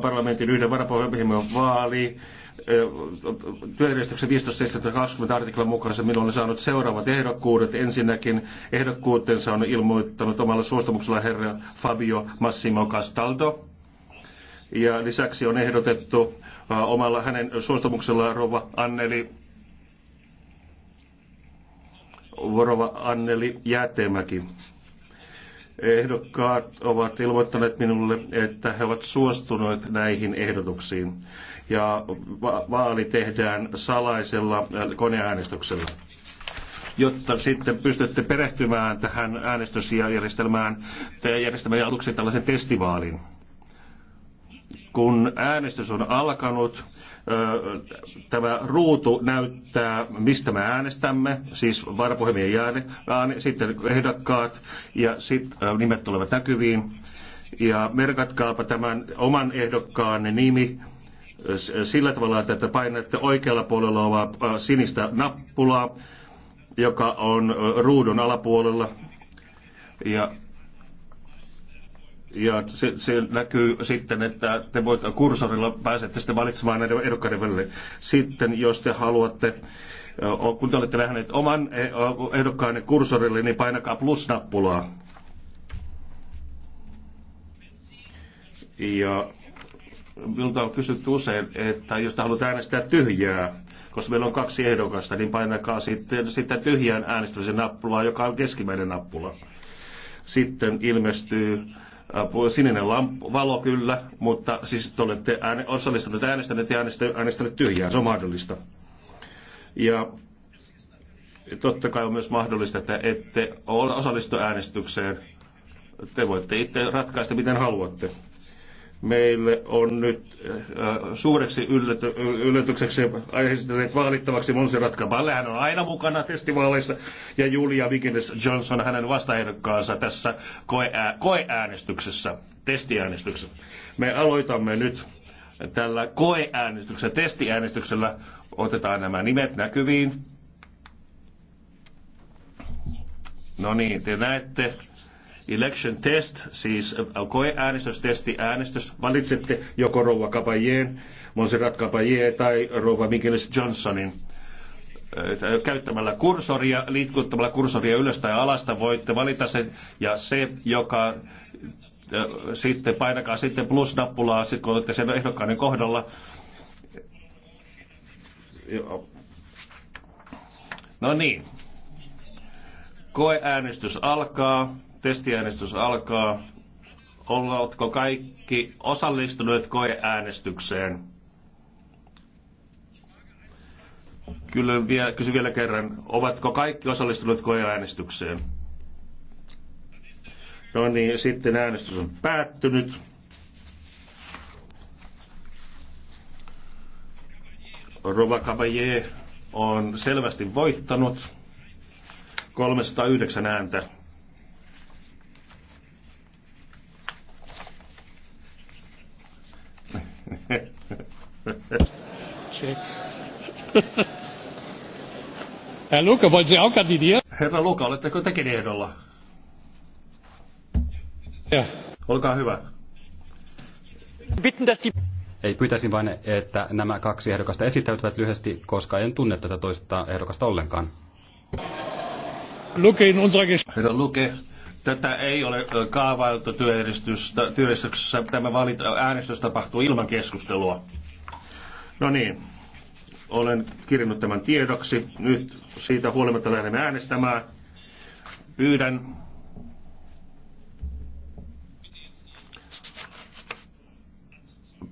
parlamentin yhden varapuhemiehen vaali työjärjestyksen 15.20 artiklan se minulla on saanut seuraavat ehdokkuudet. Ensinnäkin ehdokkuutensa on ilmoittanut omalla suostumuksella herra Fabio Massimo Castaldo. Ja lisäksi on ehdotettu omalla hänen suostumuksellaan rova Anneli Vorova Anneli Jäätemäki ehdokkaat ovat ilmoittaneet minulle, että he ovat suostuneet näihin ehdotuksiin. Ja va- vaali tehdään salaisella äh, koneäänestyksellä jotta sitten pystytte perehtymään tähän äänestysjärjestelmään, järjestämään aluksi tällaisen testivaalin. Kun äänestys on alkanut, tämä ruutu näyttää, mistä me äänestämme, siis varapuhemien ääne, ääne, sitten ehdokkaat ja sitten nimet tulevat näkyviin. Ja merkatkaapa tämän oman ehdokkaanne nimi sillä tavalla, että painatte oikealla puolella olevaa sinistä nappulaa, joka on ruudun alapuolella. Ja ja se, se näkyy sitten, että te voitte kursorilla pääsette sitten valitsemaan näiden ehdokkaiden välille. Sitten jos te haluatte kun te olette nähneet oman eh, ehdokkaanne kursorille, niin painakaa plus-nappulaa. Ja minulta on kysytty usein, että jos te haluatte äänestää tyhjää, koska meillä on kaksi ehdokasta, niin painakaa sitten, sitten tyhjään äänestämisen nappulaa, joka on keskimmäinen nappula. Sitten ilmestyy sininen lampu, valo kyllä, mutta siis te olette ääne, osallistuneet äänestäneet ja äänestäneet tyhjää se on mahdollista. Ja totta kai on myös mahdollista, että ette osallistu äänestykseen. Te voitte itse ratkaista, miten haluatte meille on nyt äh, suureksi yllätykseksi esitelleet vaalittavaksi Monserrat Caballe. Hän on aina mukana testivaaleissa ja Julia Wiggins Johnson hänen vastaehdokkaansa tässä koeäänestyksessä, testiäänestyksessä. Me aloitamme nyt tällä koeäänestyksellä, testiäänestyksellä. Otetaan nämä nimet näkyviin. No niin, te näette Election test, siis äh, koeäänestystesti, äänestys. Valitsette joko rouva Kapajeen, Monserrat Kapajee tai rouva Mikelis Johnsonin äh, käyttämällä kursoria, liikuttamalla kursoria ylös tai alasta voitte valita sen, ja se, joka äh, sitten painakaa sitten plus-nappulaa, sitten kun olette sen ehdokkaiden kohdalla. No niin. Koeäänestys alkaa. Testiäänestys alkaa. Oletko kaikki osallistuneet koeäänestykseen? Kyllä vielä, kysy vielä kerran. Ovatko kaikki osallistuneet koeäänestykseen? No niin, sitten äänestys on päättynyt. Rova Kabaye on selvästi voittanut 309 ääntä. Herra Luka, voisi niin Herra Luka, oletteko tekin ehdolla? Ja. Olkaa hyvä. Ei, pyytäisin vain, että nämä kaksi ehdokasta esittäytyvät lyhyesti, koska en tunne tätä toista ehdokasta ollenkaan. Luke in Herra Luke, tätä ei ole kaavailtu työjärjestyksessä. Tämä valit, äänestys tapahtuu ilman keskustelua. No niin, olen kirjannut tämän tiedoksi. Nyt siitä huolimatta lähdemme äänestämään. Pyydän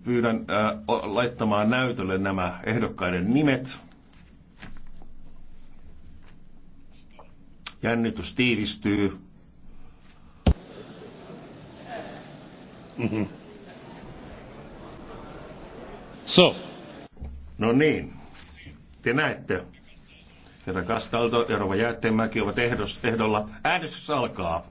pyydän äh, laittamaan näytölle nämä ehdokkaiden nimet. Jännitys tiivistyy. Mm-hmm. So. No niin, te näette. Herra Kastalto ja Rova Jäätteenmäki ovat ehdos, ehdolla. Äänestys alkaa.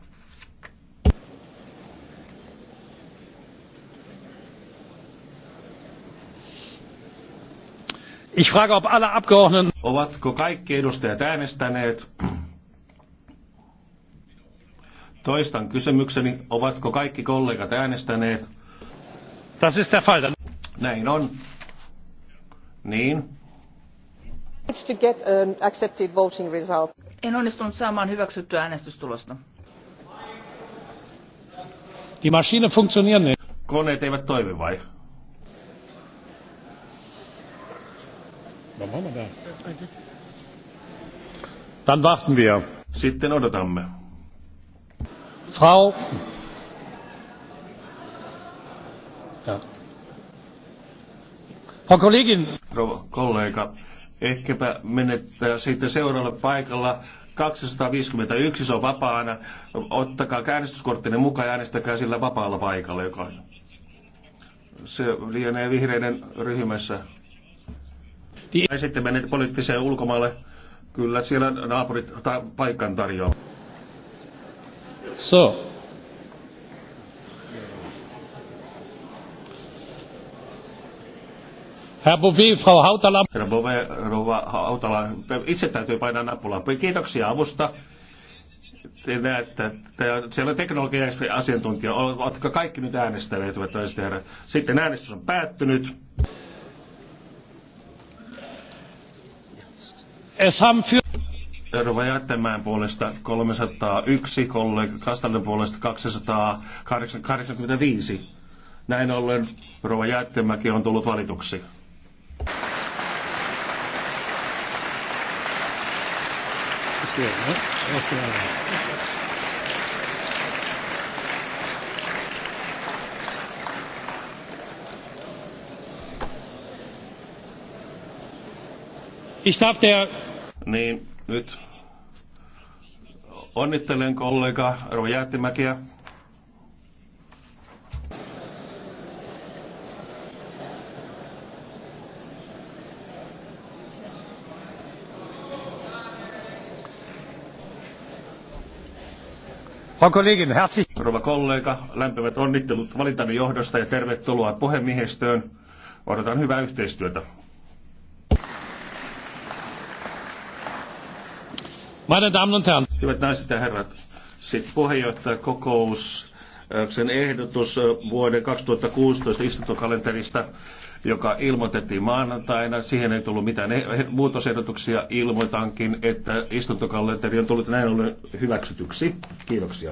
Ich frage, ob alle Abgeordneten... Ovatko kaikki edustajat äänestäneet? Toistan kysymykseni, ovatko kaikki kollegat äänestäneet? Das ist der Fall. Näin on. Niin. En onnistunut saamaan hyväksyttyä äänestystulosta. Die Maschine funktioniert nicht. Koneet eivät toimi vai? Dann warten wir. Sitten odotamme. Frau. Ja. Frau Kollegin rouva kollega. Ehkäpä menettää sitten seuraavalle paikalla 251, se on vapaana. Ottakaa äänestyskorttinne mukaan ja äänestäkää sillä vapaalla paikalla jokainen. Se lienee vihreiden ryhmässä. Ja sitten menet poliittiseen ulkomaalle. Kyllä siellä naapurit ta- paikan tarjoaa. So, Herr Bove, Frau Hautala. Herra Bove, rouva Hautala, itse täytyy painaa nappulaa. Kiitoksia avusta. Te näette, te, siellä on teknologia-asiantuntija. Oletko kaikki nyt äänestäneet, hyvät naiset herrat? Sitten äänestys on päättynyt. Es haben für Rova Jättämään puolesta 301, kollega Kastalden puolesta 285. Näin ollen Rova Jättämäki on tullut valituksi. Ich darf der niin, nyt onnittelen kollega Rova Jäättimäkiä. Rouva kollega, lämpimät onnittelut valintanne johdosta ja tervetuloa puhemiehistöön. Odotan hyvää yhteistyötä. Meine Damen und Herren. Hyvät naiset ja herrat, sitten puheenjohtajakokous, äh, sen ehdotus äh, vuoden 2016 istuntokalenterista joka ilmoitettiin maanantaina. Siihen ei tullut mitään e- muutosehdotuksia. Ilmoitankin, että istuntokalenteri on tullut näin ollen hyväksytyksi. Kiitoksia.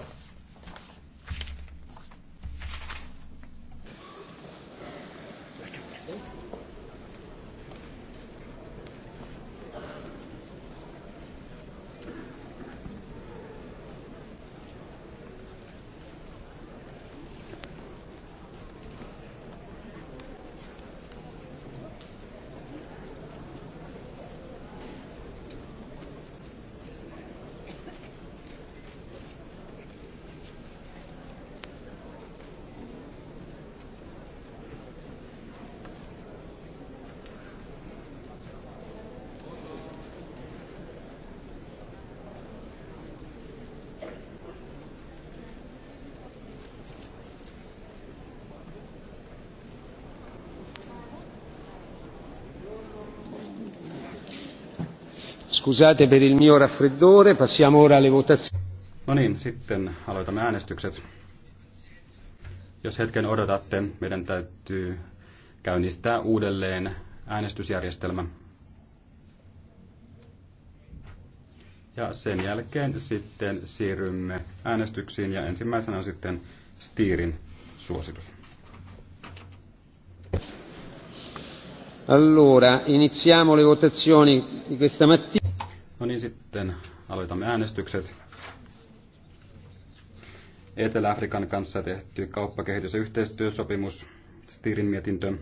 Scusate per il mio raffreddore, passiamo ora alle votazioni. No niin, sitten aloitamme äänestykset. Jos hetken odotatte, meidän täytyy käynnistää uudelleen äänestysjärjestelmä. Ja sen jälkeen sitten siirrymme äänestyksiin ja ensimmäisenä on sitten Stiirin suositus. Allora, iniziamo le votazioni di questa mattina. No niin, sitten aloitamme äänestykset. Etelä-Afrikan kanssa tehty kauppakehitys- ja yhteistyösopimus, Stirin mietintö,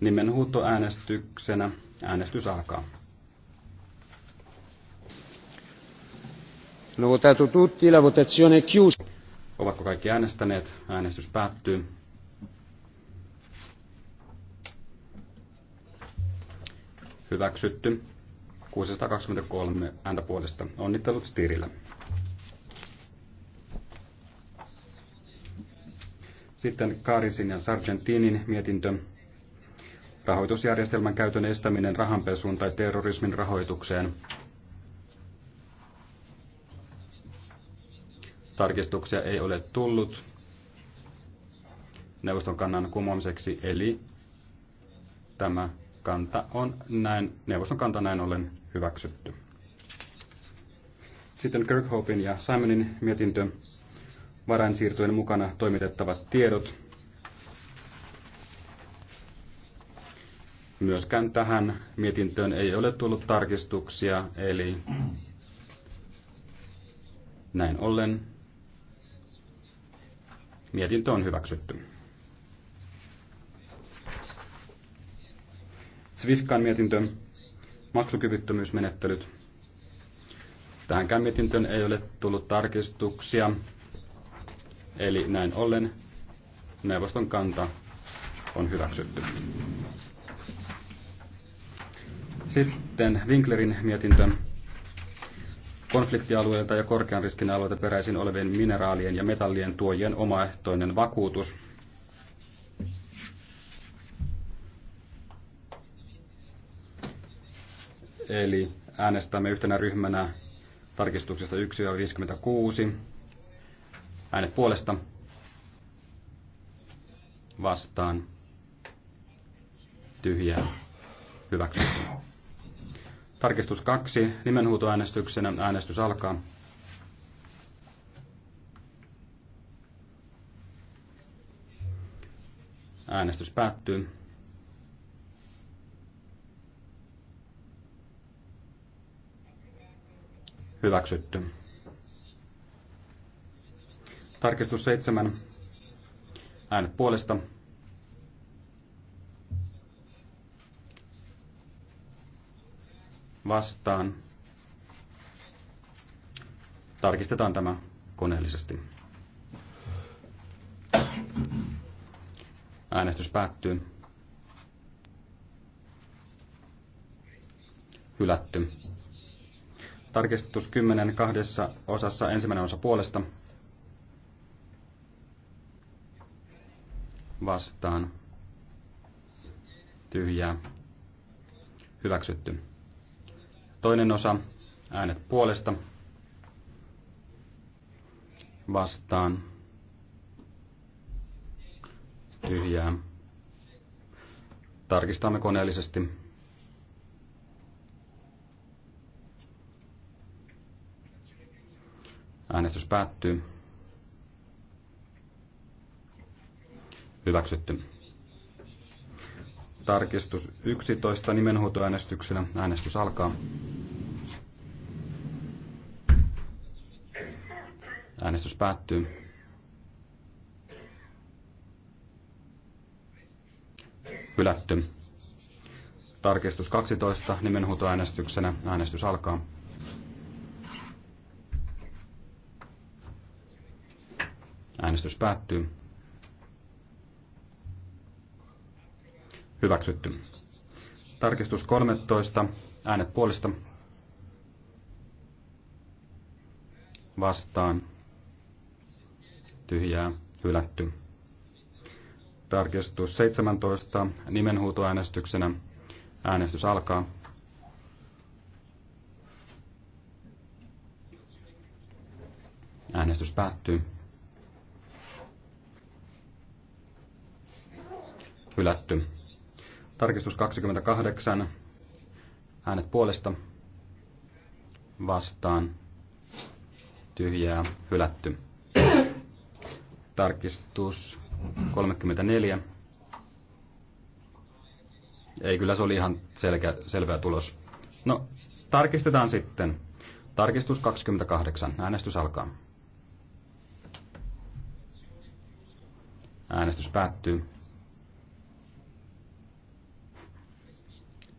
nimenhuutoäänestyksenä äänestys alkaa. Hanno votato tutti, la votazione chiusa. Ovatko kaikki äänestäneet? Äänestys päättyy. Hyväksytty. 623 ääntä puolesta. Onnittelut Stirillä. Sitten Kaarisin ja Sargentinin mietintö. Rahoitusjärjestelmän käytön estäminen rahanpesuun tai terrorismin rahoitukseen. Tarkistuksia ei ole tullut neuvoston kannan kumoamiseksi, eli tämä kanta on näin, neuvoston kanta näin ollen hyväksytty. Sitten Kirkhopin ja Simonin mietintö varainsiirtojen mukana toimitettavat tiedot. Myöskään tähän mietintöön ei ole tullut tarkistuksia, eli näin ollen mietintö on hyväksytty. Svifkan mietintö, maksukyvyttömyysmenettelyt. Tähänkään mietintöön ei ole tullut tarkistuksia, eli näin ollen neuvoston kanta on hyväksytty. Sitten Winklerin mietintö konfliktialueilta ja korkean riskin alueilta peräisin olevien mineraalien ja metallien tuojien omaehtoinen vakuutus Eli äänestämme yhtenä ryhmänä tarkistuksesta 1-56. Äänet puolesta vastaan tyhjää Hyväksy. Tarkistus 2. Nimenhuutoäänestyksenä äänestys alkaa. Äänestys päättyy. Hyväksytty. Tarkistus 7. Äänet puolesta. Vastaan. Tarkistetaan tämä koneellisesti. Äänestys päättyy. Hylätty. Tarkistus 10 kahdessa osassa ensimmäinen osa puolesta. Vastaan. Tyhjää. Hyväksytty. Toinen osa. Äänet puolesta. Vastaan. Tyhjää. Tarkistamme koneellisesti. Äänestys päättyy. Hyväksytty. Tarkistus 11 nimenhuutoäänestyksellä. Äänestys alkaa. Äänestys päättyy. Hylätty. Tarkistus 12 nimenhuutoäänestyksenä. Äänestys alkaa. Äänestys päättyy. Hyväksytty. Tarkistus 13. Äänet puolesta. Vastaan. Tyhjää. Hylätty. Tarkistus 17. Nimenhuutoäänestyksenä. Äänestys alkaa. Äänestys päättyy. hylätty. Tarkistus 28, äänet puolesta, vastaan, tyhjää, hylätty. Tarkistus 34. Ei, kyllä se oli ihan selkeä, selvä tulos. No, tarkistetaan sitten. Tarkistus 28. Äänestys alkaa. Äänestys päättyy.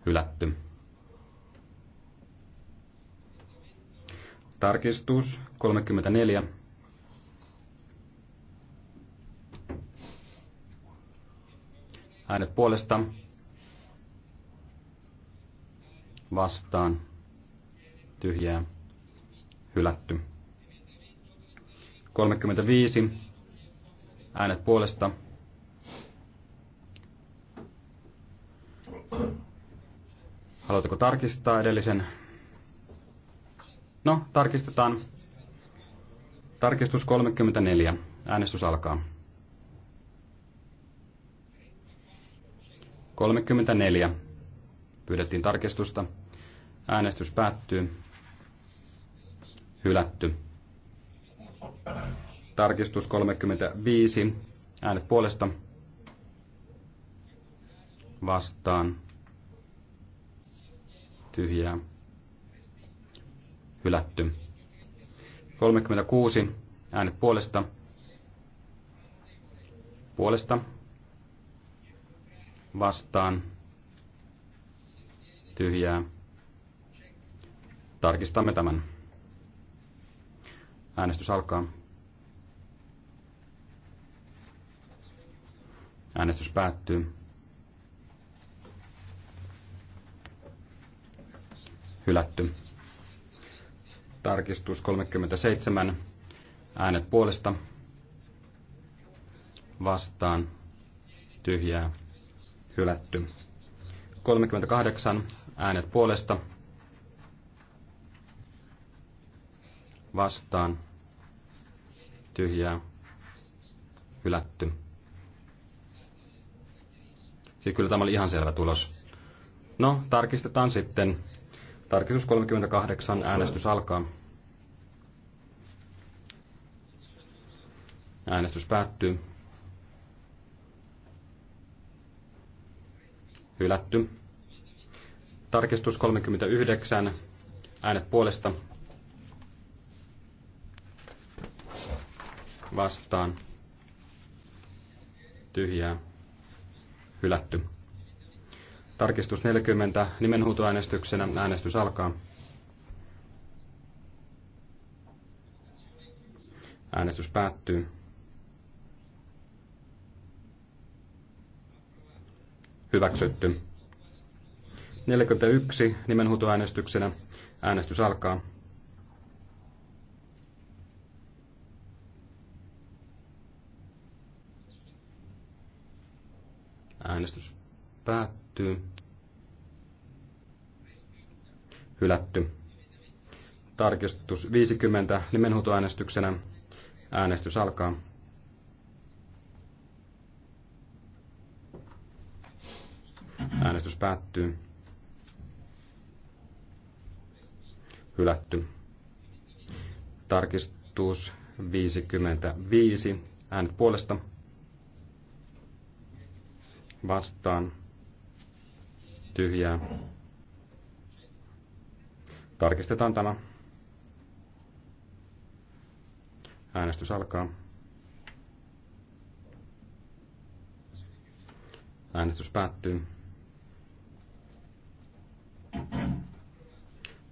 hylätty. Tarkistus 34. Äänet puolesta vastaan tyhjää hylätty. 35. Äänet puolesta Haluatko tarkistaa edellisen? No, tarkistetaan. Tarkistus 34. Äänestys alkaa. 34. Pyydettiin tarkistusta. Äänestys päättyy. Hylätty. Tarkistus 35. Äänet puolesta. Vastaan tyhjää hylätty. 36 äänet puolesta puolesta vastaan tyhjää. Tarkistamme tämän. Äänestys alkaa. Äänestys päättyy. hylätty. Tarkistus 37. Äänet puolesta. Vastaan. Tyhjää. Hylätty. 38. Äänet puolesta. Vastaan. Tyhjää. Hylätty. Siis kyllä tämä oli ihan selvä tulos. No, tarkistetaan sitten Tarkistus 38. Äänestys alkaa. Äänestys päättyy. Hylätty. Tarkistus 39. Äänet puolesta. Vastaan. Tyhjää. Hylätty. Tarkistus 40 nimenhuutoäänestyksenä. Äänestys alkaa. Äänestys päättyy. Hyväksytty. 41 nimenhuutoäänestyksenä. Äänestys alkaa. Äänestys päättyy. hylätty. Tarkistus 50 nimenhuutoäänestyksenä. Äänestys alkaa. Äänestys päättyy. Hylätty. Tarkistus 55. Äänet puolesta. Vastaan. Tyhjää Tarkistetaan tämä. Äänestys alkaa. Äänestys päättyy.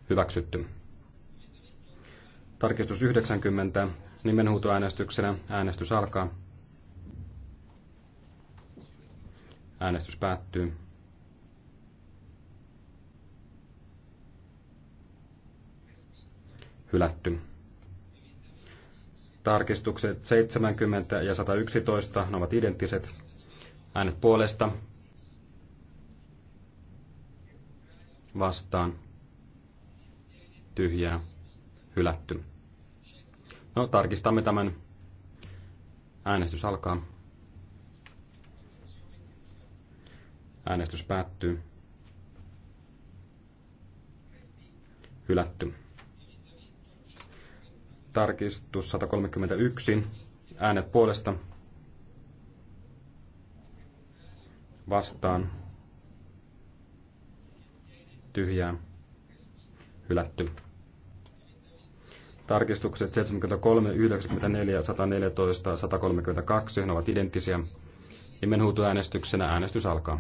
Hyväksytty. Tarkistus 90. Nimenhuutoäänestyksenä äänestys alkaa. Äänestys päättyy. hylätty. Tarkistukset 70 ja 111 ne ovat identtiset. Äänet puolesta vastaan tyhjää hylätty. No, tarkistamme tämän. Äänestys alkaa. Äänestys päättyy. Hylätty tarkistus 131, äänet puolesta vastaan tyhjää hylätty. Tarkistukset 73, 94, 114, 132 ne ovat identtisiä. Nimenhuutoäänestyksenä äänestys alkaa.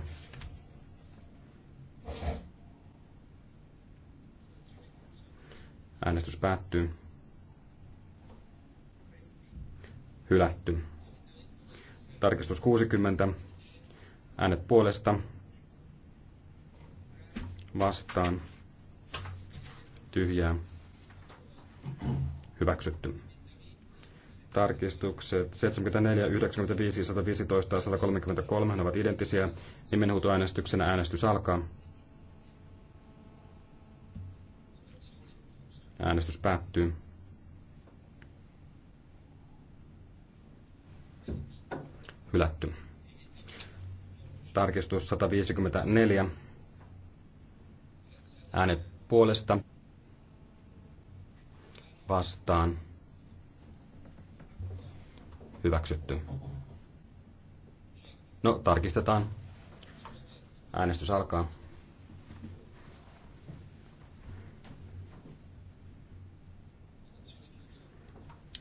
Äänestys päättyy. hylätty. Tarkistus 60. Äänet puolesta vastaan tyhjää hyväksytty. Tarkistukset 74, 95, 115 ja 133 ne ovat identtisiä. Nimenhuutoäänestyksenä äänestys alkaa. Äänestys päättyy. hylätty. Tarkistus 154. Äänet puolesta vastaan hyväksytty. No, tarkistetaan. Äänestys alkaa.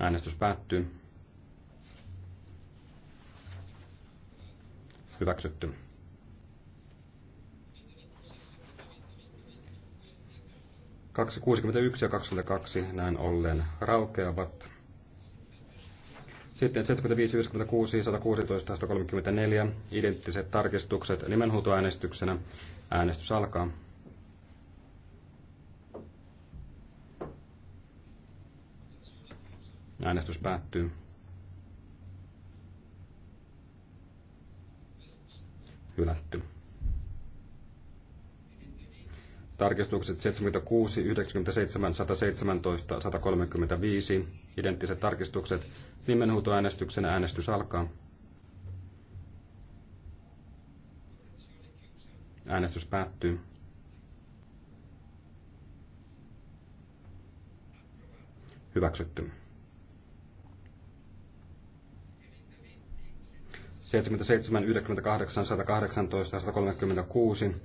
Äänestys päättyy. Hyväksytty. Kaksi 61 ja 22 näin ollen raukeavat. Sitten 75, 96, 116, 134 identtiset tarkistukset nimenhuutoäänestyksenä. Äänestys alkaa. Äänestys päättyy. hylätty. Tarkistukset 76, 97, 117, 135, identtiset tarkistukset, nimenhuutoäänestyksen äänestys alkaa. Äänestys päättyy. Hyväksytty. 77, 98, 118, 136.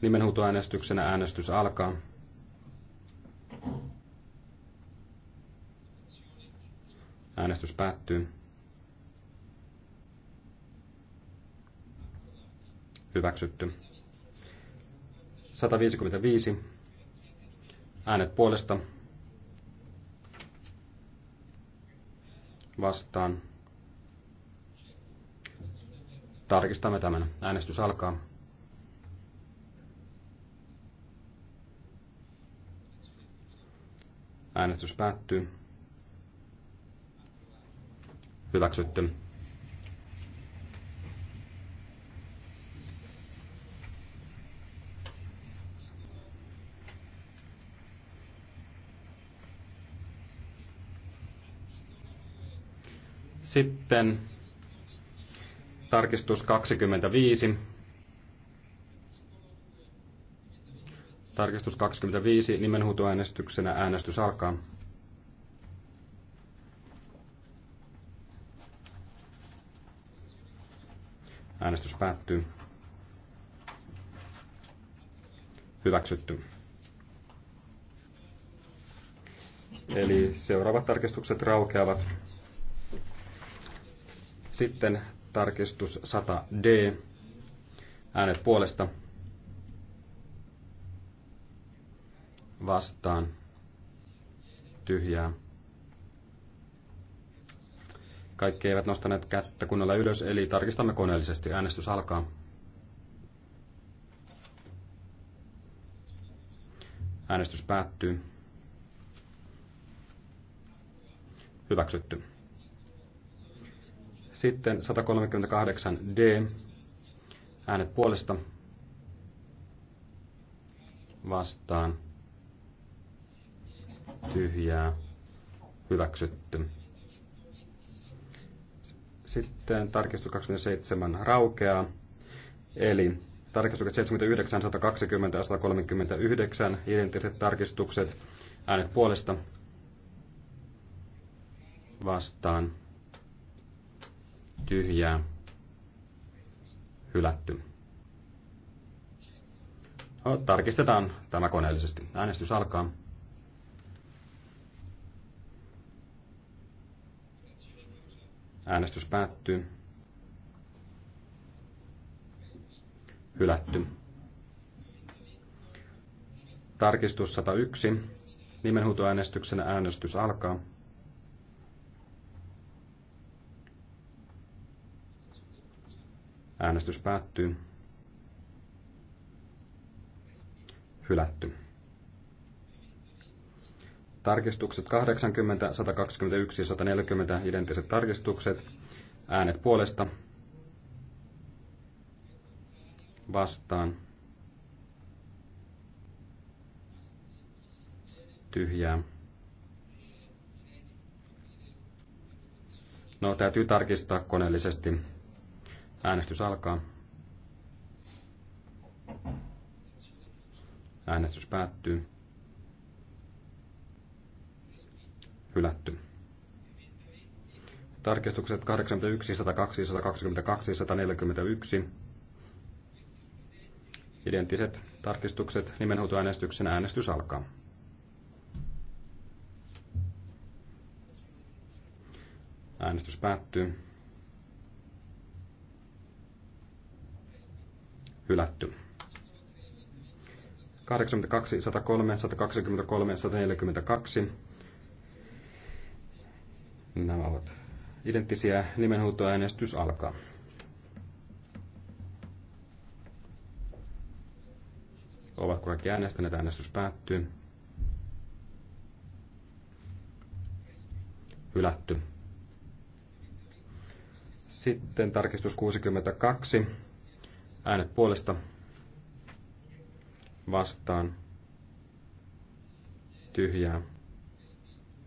Nimenhuutoäänestyksenä äänestys alkaa. Äänestys päättyy. Hyväksytty. 155. Äänet puolesta. Vastaan. Tarkistamme tämän. Äänestys alkaa. Äänestys päättyy. Hyväksytty. Sitten Tarkistus 25. Tarkistus 25. Nimenhuutoäänestyksenä äänestys alkaa. Äänestys päättyy. Hyväksytty. Eli seuraavat tarkistukset raukeavat. Sitten Tarkistus 100D. Äänet puolesta. Vastaan. Tyhjää. Kaikki eivät nostaneet kättä kunnolla ylös, eli tarkistamme koneellisesti. Äänestys alkaa. Äänestys päättyy. Hyväksytty. Sitten 138 D. Äänet puolesta vastaan tyhjää hyväksytty. Sitten tarkistus 27 raukeaa. Eli tarkistukset 79, 120 ja 139, identtiset tarkistukset, äänet puolesta vastaan tyhjää hylätty. No, tarkistetaan tämä koneellisesti. Äänestys alkaa. Äänestys päättyy. Hylätty. Tarkistus 101. Nimenhuutoäänestyksen äänestys alkaa. Äänestys päättyy. Hylätty. Tarkistukset 80, 121 ja 140 identtiset tarkistukset. Äänet puolesta. Vastaan. Tyhjää. No, täytyy tarkistaa koneellisesti. Äänestys alkaa. Äänestys päättyy. Hylätty. Tarkistukset 81, 102, 122, 141. Identtiset tarkistukset nimenhuutoäänestyksen äänestys alkaa. Äänestys päättyy. hylätty. 82, 103, 123, 142. Nämä ovat identtisiä. Nimenhuutoäänestys alkaa. Ovatko kaikki äänestäneet? Äänestys päättyy. Hylätty. Sitten tarkistus 62 Äänet puolesta vastaan tyhjää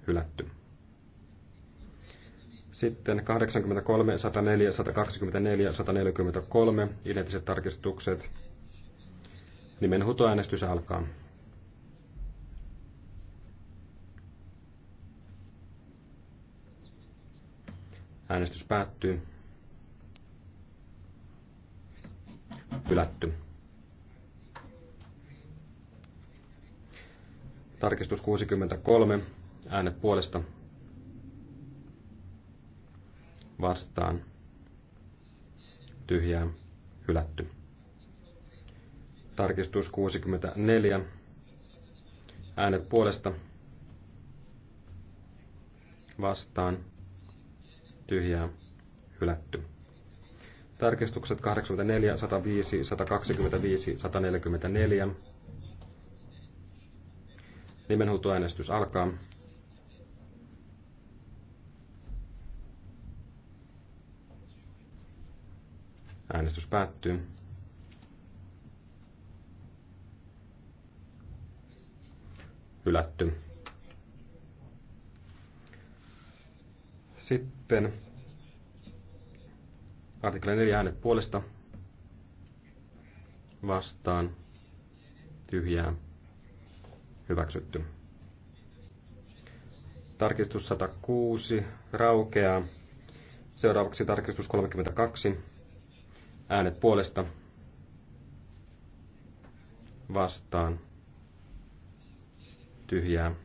hylätty. Sitten 83, 104, 124, 143 identtiset tarkistukset. hutoäänestys alkaa. Äänestys päättyy. hylätty. Tarkistus 63, äänet puolesta vastaan tyhjää hylätty. Tarkistus 64, äänet puolesta vastaan tyhjää hylätty. Tarkistukset 84, 105, 125, 144. Nimenhuutoäänestys alkaa. Äänestys päättyy. Hylätty. Sitten Artikla 4 äänet puolesta vastaan tyhjää hyväksytty. Tarkistus 106 raukeaa. Seuraavaksi tarkistus 32. Äänet puolesta vastaan tyhjää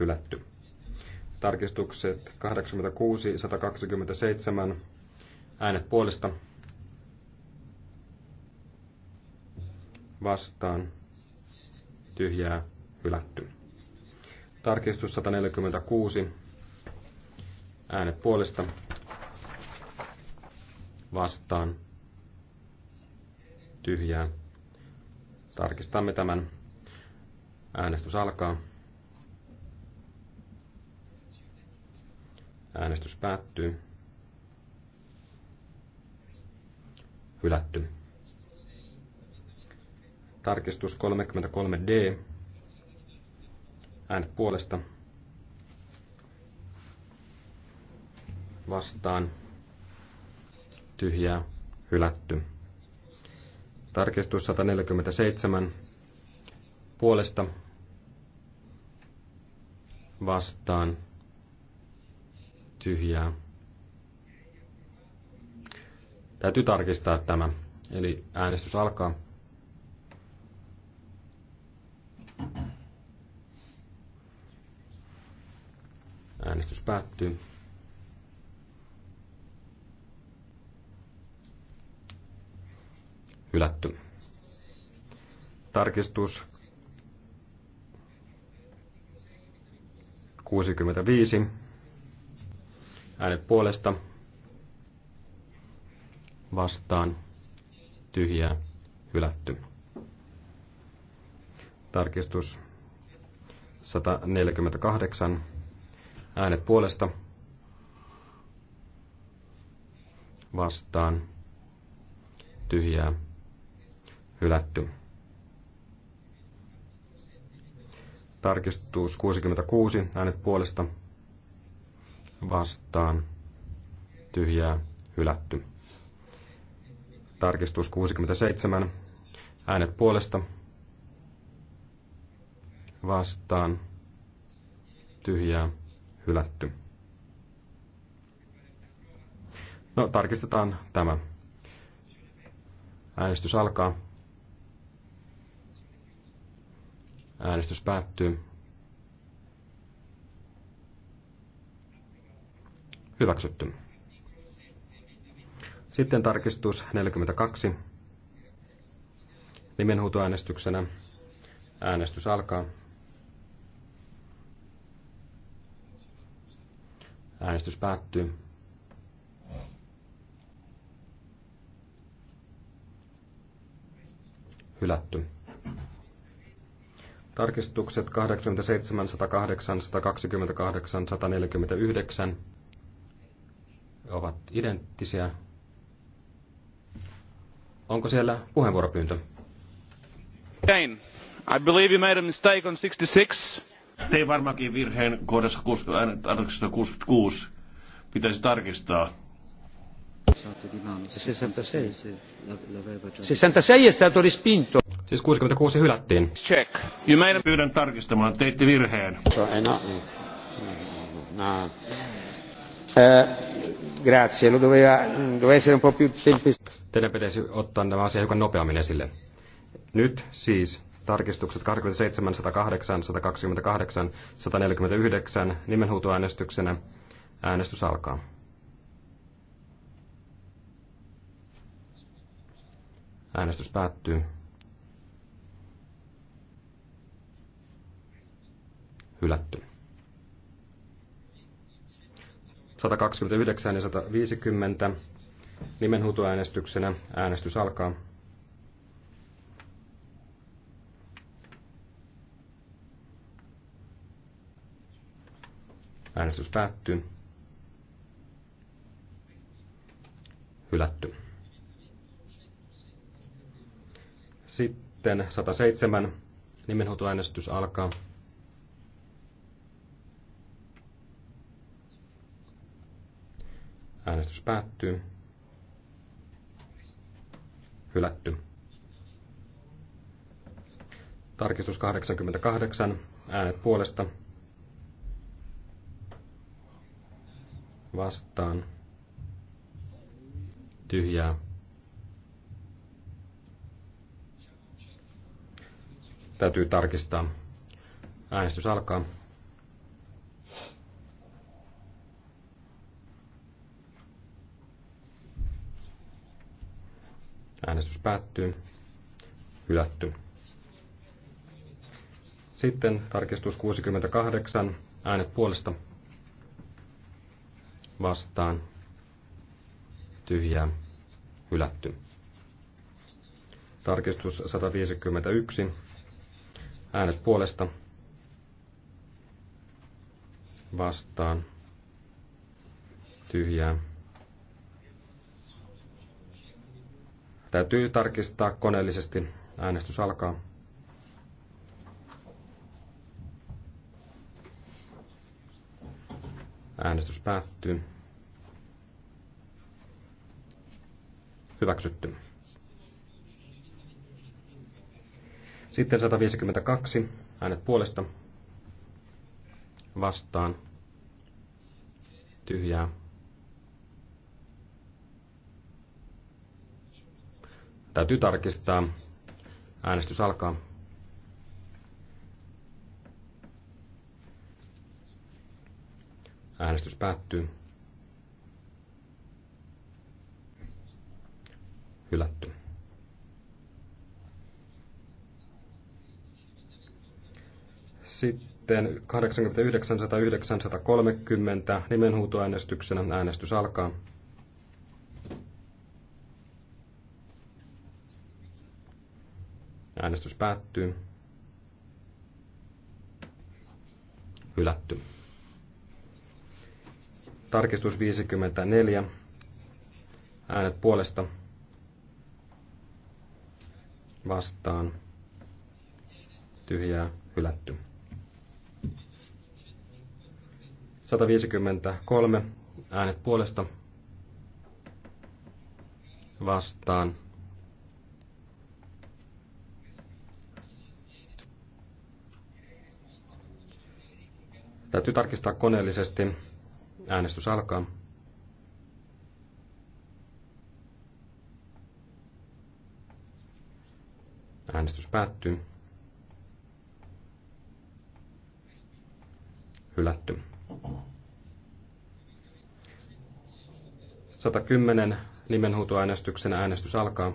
hylätty. Tarkistukset 86, 127, Äänet puolesta. Vastaan. Tyhjää. Hylätty. Tarkistus 146. Äänet puolesta. Vastaan. Tyhjää. Tarkistamme tämän. Äänestys alkaa. Äänestys päättyy. hylätty. Tarkistus 33D. Äänet puolesta. Vastaan. Tyhjää. Hylätty. Tarkistus 147. Puolesta. Vastaan. Tyhjää Täytyy tarkistaa tämä. Eli äänestys alkaa. Äänestys päättyy. Hylätty. Tarkistus 65. Äänet puolesta vastaan tyhjää hylätty. Tarkistus 148. Äänet puolesta vastaan tyhjää hylätty. Tarkistus 66. Äänet puolesta vastaan tyhjää hylätty. Tarkistus 67. Äänet puolesta. Vastaan. Tyhjää. Hylätty. No, tarkistetaan tämä. Äänestys alkaa. Äänestys päättyy. Hyväksytty. Sitten tarkistus 42. Nimenhuutoäänestyksenä. Äänestys alkaa. Äänestys päättyy. Hylätty. Tarkistukset 87, 108, 128, 149 ovat identtisiä Onko siellä puheenvuoropyyntö? Again, I believe you made a mistake on 66. Tein varmaankin virheen kohdassa 66. Pitäisi tarkistaa. 66. 66 è Siis 66 hylättiin. Check. You made... Pyydän tarkistamaan, teitte virheen. Eh, no, no, eh, grazie, lo doveva, doveva essere un po' più tempestivo. Teidän pitäisi ottaa nämä asiat hiukan nopeammin esille. Nyt siis tarkistukset 27, 108, 128, 149 nimenhuutoäänestyksenä. Äänestys alkaa. Äänestys päättyy. Hylätty. 129 ja 150 Nimenhuutoäänestyksenä äänestys alkaa. Äänestys päättyy. Hylätty. Sitten 107. Nimenhuutoäänestys alkaa. Äänestys päättyy hylätty. Tarkistus 88, äänet puolesta. Vastaan. Tyhjää. Täytyy tarkistaa. Äänestys alkaa. päättyy, hylätty. Sitten tarkistus 68, äänet puolesta, vastaan, tyhjää, hylätty. Tarkistus 151, äänet puolesta, vastaan, tyhjää, Täytyy tarkistaa koneellisesti. Äänestys alkaa. Äänestys päättyy. Hyväksytty. Sitten 152. Äänet puolesta. Vastaan. Tyhjää. Täytyy tarkistaa. Äänestys alkaa. Äänestys päättyy. Hylätty. Sitten 89, 109, 130 nimenhuutoäänestyksenä äänestys alkaa. Äänestys päättyy. Hylätty. Tarkistus 54. Äänet puolesta. Vastaan. Tyhjää. Hylätty. 153. Äänet puolesta. Vastaan Täytyy tarkistaa koneellisesti. Äänestys alkaa. Äänestys päättyy. Hylätty. 110 nimenhuutoäänestyksen äänestys alkaa.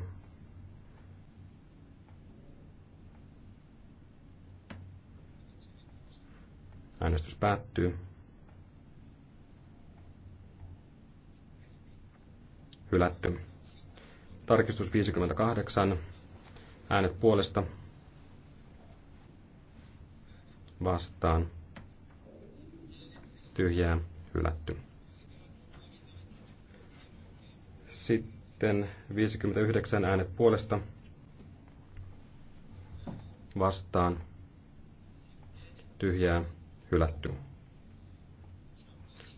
Äänestys päättyy. Hylätty. Tarkistus 58. Äänet puolesta. Vastaan. Tyhjää. Hylätty. Sitten 59 äänet puolesta vastaan tyhjää Hylätty.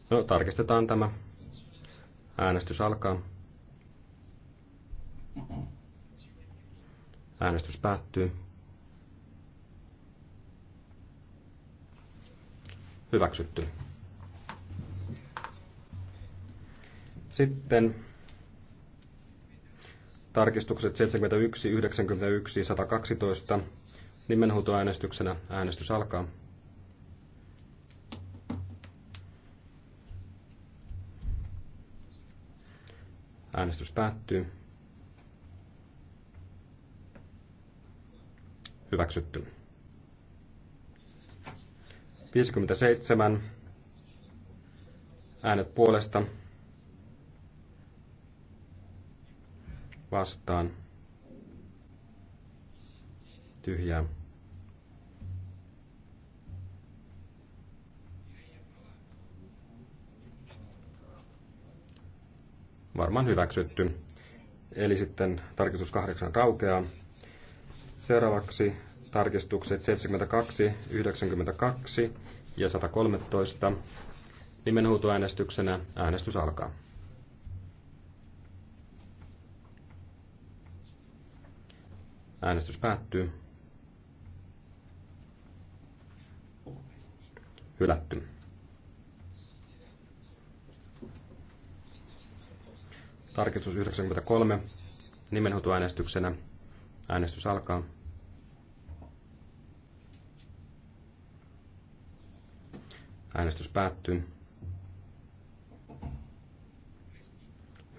No, tarkistetaan tämä. Äänestys alkaa. Äänestys päättyy. Hyväksytty. Sitten tarkistukset 71, 91, 112. Nimenhuutoäänestyksenä äänestys alkaa. Äänestys päättyy. Hyväksytty. 57. Äänet puolesta. Vastaan. Tyhjää. varmaan hyväksytty. Eli sitten tarkistus 8 raukeaa. Seuraavaksi tarkistukset 72, 92 ja 113. Nimenhuutoäänestyksenä äänestys alkaa. Äänestys päättyy. Hylätty. Tarkistus 93 nimenhuutoäänestyksenä. Äänestys alkaa. Äänestys päättyy.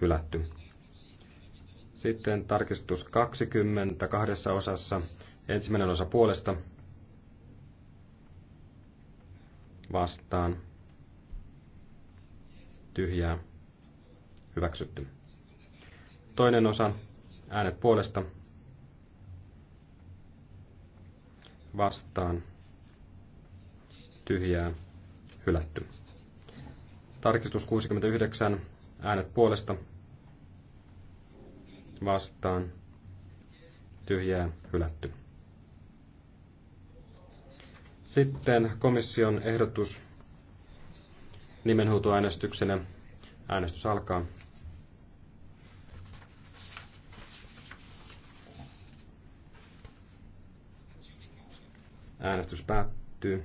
Hylätty. Sitten tarkistus 20 kahdessa osassa. Ensimmäinen osa puolesta vastaan tyhjää hyväksytty. Toinen osa, äänet puolesta. Vastaan. Tyhjää. Hylätty. Tarkistus 69, äänet puolesta. Vastaan. Tyhjää. Hylätty. Sitten komission ehdotus nimenhuutoäänestyksenä. Äänestys alkaa. Äänestys päättyy.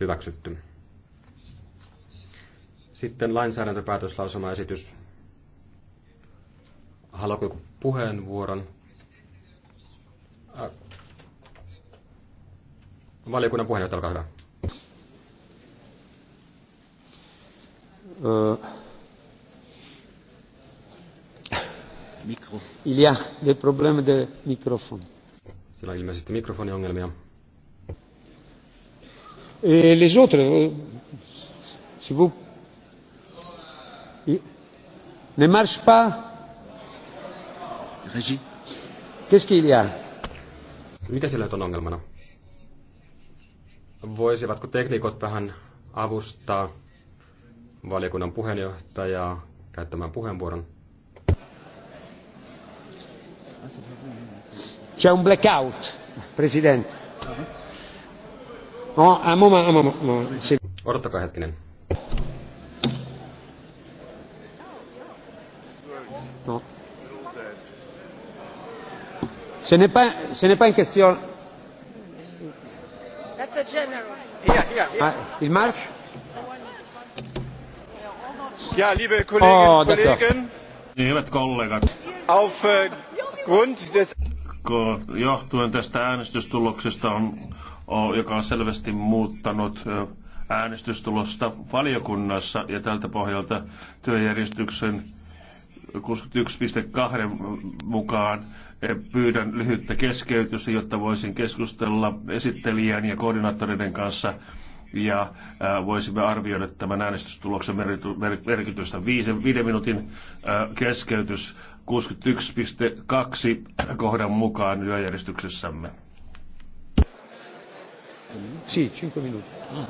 Hyväksytty. Sitten lainsäädäntöpäätöslausumaesitys. Haluatko joku puheenvuoron? Äh. Valiokunnan puheenjohtaja, olkaa hyvä. Öö Mikro. Il y a des problèmes de microphone. Sillä on ilmeisesti mikrofoniongelmia. Et eh, les autres, euh, si vous... Ne marche pas. Régie. Qu'est-ce qu'il y a? Mikä sillä on ongelmana? Voisivatko tekniikot vähän avustaa valiokunnan puheenjohtajaa käyttämään puheenvuoron? C'è un blackout, presidente. No, a moment, a moment, a moment. Odottakaa hetkinen. No. Se ne pas, se ne pas in question. That's a general. Yeah, yeah, yeah. Ah, il marche? Ja, liebe Kollegen, oh, Kollegen. Hyvät kollegat. Auf äh, Johtuen tästä äänestystuloksesta, on, joka on selvästi muuttanut äänestystulosta valiokunnassa ja tältä pohjalta työjärjestyksen 61.2 mukaan e, pyydän lyhyttä keskeytystä, jotta voisin keskustella esittelijän ja koordinaattoreiden kanssa ja voisimme arvioida tämän äänestystuloksen merkitystä. viiden minuutin keskeytys 61.2 kohdan mukaan yöjärjestyksessämme. Si, 5 minuti. Ah,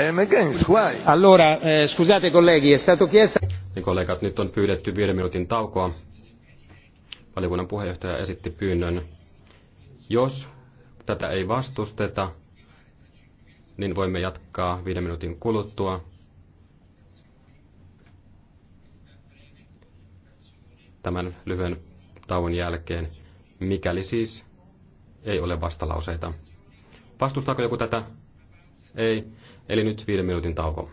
eh, I am against, why? Allora, eh, scusate colleghi, è stato chiesto... Niin, kollegat, nyt on pyydetty viiden minuutin taukoa. Valiokunnan puheenjohtaja esitti pyynnön. Jos tätä ei vastusteta, niin voimme jatkaa viiden minuutin kuluttua. Tämän lyhyen tauon jälkeen, mikäli siis ei ole vastalauseita. Vastustaako joku tätä? Ei. Eli nyt viiden minuutin tauko.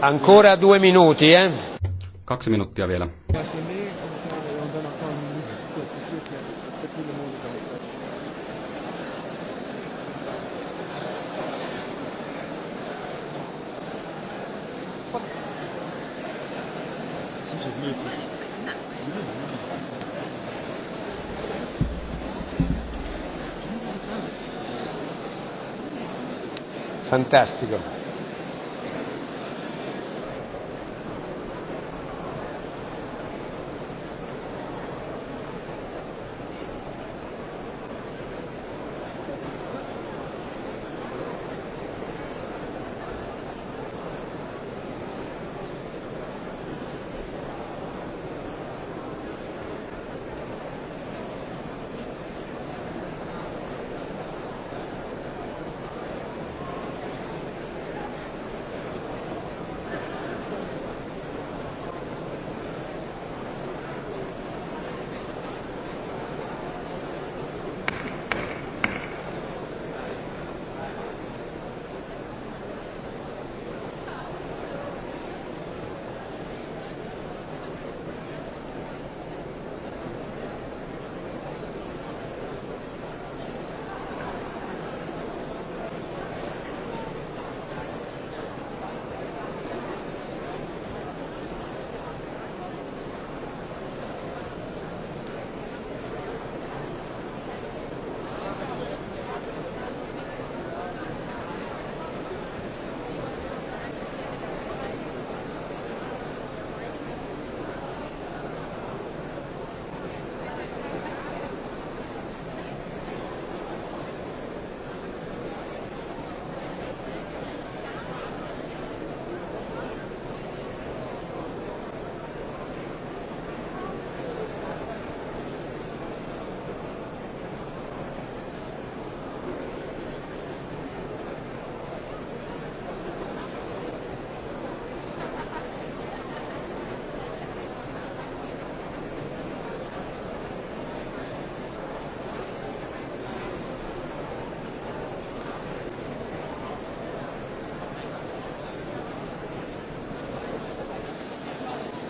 Ancora due minuti, eh? Kaksi minuuttia vielä. Fantastico.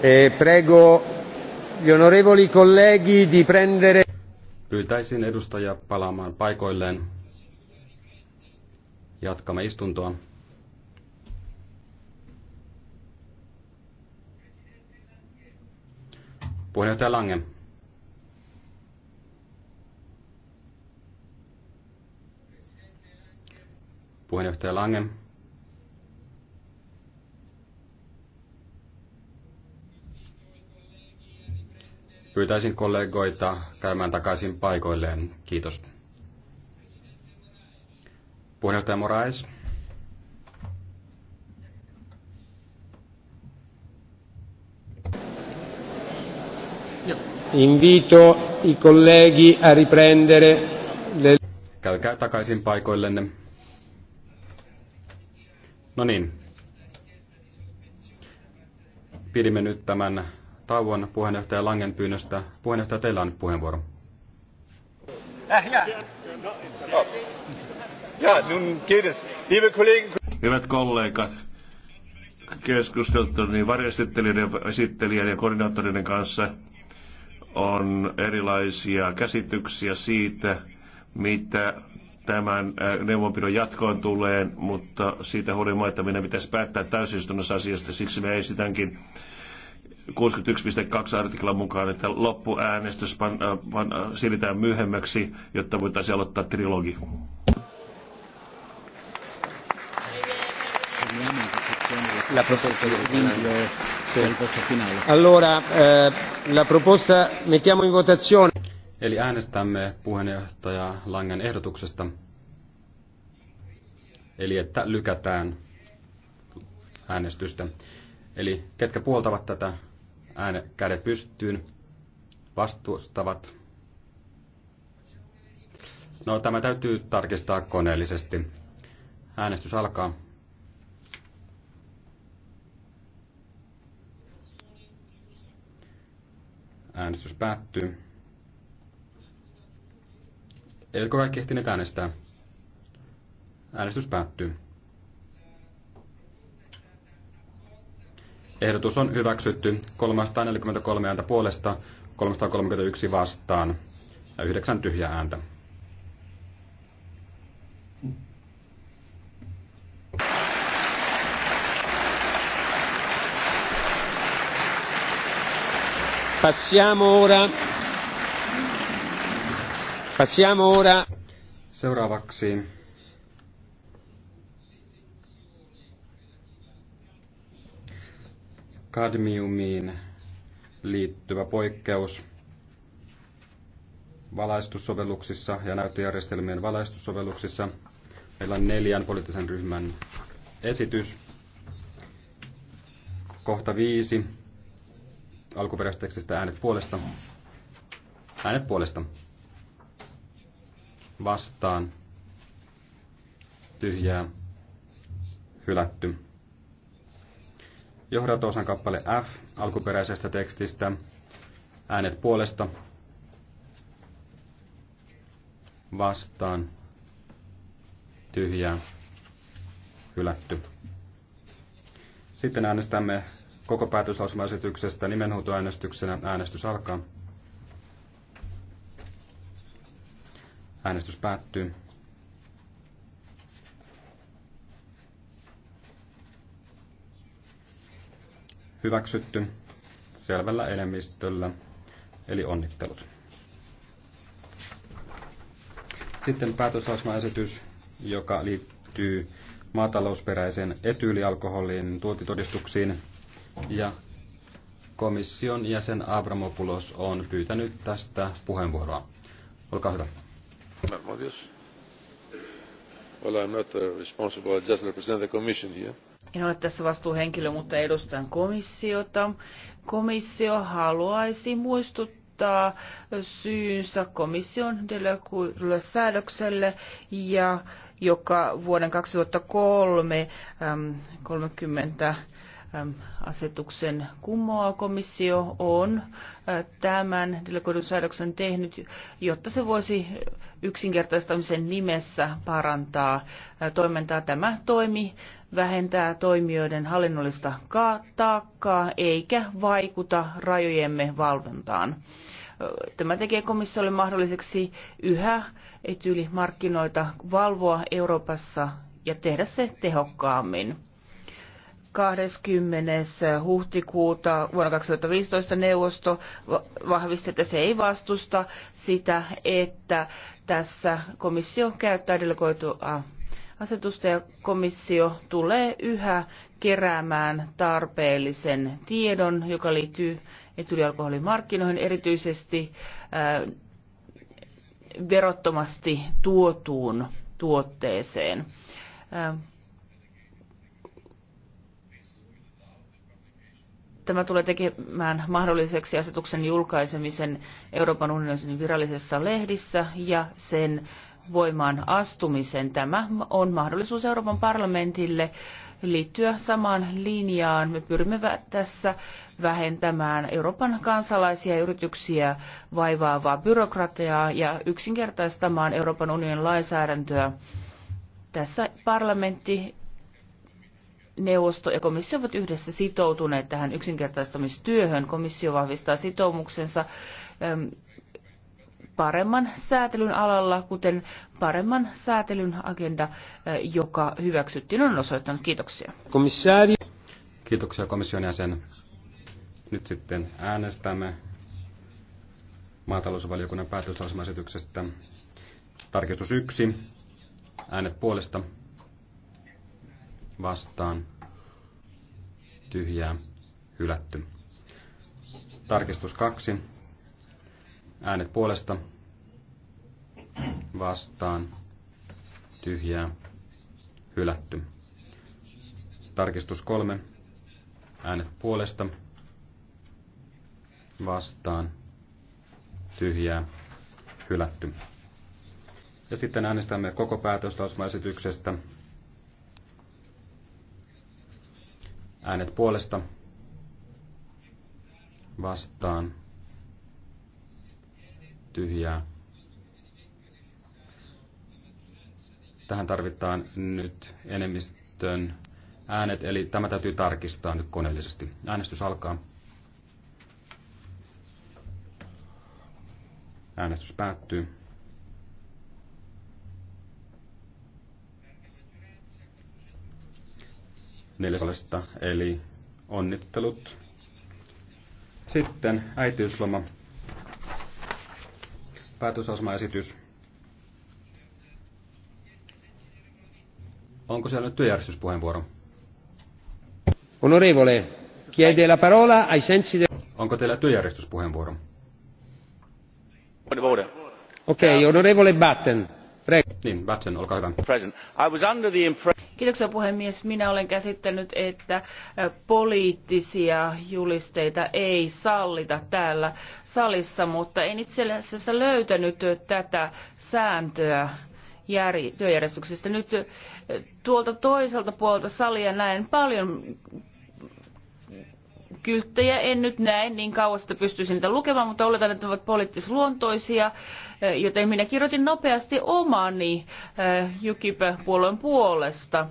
E, prego gli onorevoli colleghi di prendere... Pyytäisin edustajia palaamaan paikoilleen. Jatkamme istuntoa. Puheenjohtaja Lange. Puheenjohtaja Lange. Pyytäisin kollegoita käymään takaisin paikoilleen. Kiitos. Puheenjohtaja Moraes. Invito i colleghi a riprendere le... Käykää takaisin paikoillenne. No niin. Pidimme nyt tämän tauon puheenjohtaja Langen pyynnöstä. Puheenjohtaja, teillä on puheenvuoro. Äh, oh. Hyvät kollegat, keskusteltu niin varjoesittelijöiden, esittelijän ja koordinaattorien kanssa on erilaisia käsityksiä siitä, mitä tämän äh, neuvonpidon jatkoon tulee, mutta siitä huolimatta meidän pitäisi päättää täysistunnossa asiasta. Siksi me esitänkin 61.2 artiklan mukaan, että loppuäänestys pan, äh, pan, äh, siirretään myöhemmäksi, jotta voitaisiin aloittaa trilogi. La proposta, allora, eh, la proposta mettiamo in votazione. Eli äänestämme puheenjohtaja Langen ehdotuksesta, eli että lykätään äänestystä. Eli ketkä puoltavat tätä ääne, kädet pystyyn, vastustavat. No, tämä täytyy tarkistaa koneellisesti. Äänestys alkaa. Äänestys päättyy. Eivätkö kaikki ehtineet äänestää? Äänestys päättyy. Ehdotus on hyväksytty 343 ääntä puolesta, 331 vastaan ja 9 tyhjää ääntä. Passiamo ora. Passiamo ora. Seuraavaksi kadmiumiin liittyvä poikkeus valaistussovelluksissa ja näyttöjärjestelmien valaistussovelluksissa. Meillä on neljän poliittisen ryhmän esitys. Kohta viisi. Alkuperäistekstistä äänet puolesta. Äänet puolesta. Vastaan. Tyhjää. Hylätty. Johdantoosan kappale F alkuperäisestä tekstistä. Äänet puolesta. Vastaan. Tyhjää. Hylätty. Sitten äänestämme koko päätöslausumaesityksestä nimenhuutoäänestyksenä. Äänestys alkaa. Äänestys päättyy. hyväksytty selvällä enemmistöllä, eli onnittelut. Sitten päätöslausmaesitys, joka liittyy maatalousperäisen etyylialkoholin tuotitodistuksiin ja komission jäsen Avramopoulos on pyytänyt tästä puheenvuoroa. Olkaa hyvä. Well, I'm not uh, responsible, I just represent the commission here. En ole tässä vastuuhenkilö, mutta edustan komissiota. Komissio haluaisi muistuttaa syynsä komission delegoidulle säädökselle, ja joka vuoden 2003 äm, 30 asetuksen kumoaa. Komissio on tämän delegoidun säädöksen tehnyt, jotta se voisi yksinkertaistamisen nimessä parantaa toimintaa. Tämä toimi vähentää toimijoiden hallinnollista taakkaa eikä vaikuta rajojemme valvontaan. Tämä tekee komissiolle mahdolliseksi yhä etyylimarkkinoita valvoa Euroopassa ja tehdä se tehokkaammin. 20. huhtikuuta vuonna 2015 neuvosto vahvisti, että se ei vastusta sitä, että tässä komissio käyttää delegoitua asetusta ja komissio tulee yhä keräämään tarpeellisen tiedon, joka liittyy etylialkoholimarkkinoihin, erityisesti äh, verottomasti tuotuun tuotteeseen. Äh, Tämä tulee tekemään mahdolliseksi asetuksen julkaisemisen Euroopan unionin virallisessa lehdissä ja sen voimaan astumisen. Tämä on mahdollisuus Euroopan parlamentille liittyä samaan linjaan. Me pyrimme tässä vähentämään Euroopan kansalaisia ja yrityksiä vaivaavaa byrokratiaa ja yksinkertaistamaan Euroopan unionin lainsäädäntöä. Tässä parlamentti neuvosto ja komissio ovat yhdessä sitoutuneet tähän yksinkertaistamistyöhön. Komissio vahvistaa sitoumuksensa paremman säätelyn alalla, kuten paremman säätelyn agenda, joka hyväksyttiin, on osoittanut. Kiitoksia. Komissaari. Kiitoksia komission jäsen. Nyt sitten äänestämme maatalousvaliokunnan päätöslausumaesityksestä. Tarkistus 1. Äänet puolesta vastaan tyhjää hylätty. Tarkistus kaksi Äänet puolesta vastaan tyhjää hylätty. Tarkistus kolme Äänet puolesta vastaan tyhjää hylätty. Ja sitten äänestämme koko päätöslausumaesityksestä Äänet puolesta vastaan tyhjää. Tähän tarvitaan nyt enemmistön äänet, eli tämä täytyy tarkistaa nyt koneellisesti. Äänestys alkaa. Äänestys päättyy. neljäsollista, eli onnittelut. Sitten äitiysloma, Päätösasemaesitys. Onko siellä nyt työjärjestyspuheenvuoro? Onorevole, chiede la parola ai sensi de... Onko teillä työjärjestyspuheenvuoro? Okei, okay, onorevole Batten. Niin, arvoisa puhemies. Minä olen käsittänyt, että poliittisia julisteita ei sallita täällä salissa, mutta en itse asiassa löytänyt tätä sääntöä työjärjestyksestä. Nyt tuolta toiselta puolelta salia näen paljon kylttejä en nyt näe niin kauas, että pystyisin niitä lukemaan, mutta oletan, että ne ovat poliittisluontoisia, eh, joten minä kirjoitin nopeasti omani eh, Jukipä-puolueen puolesta,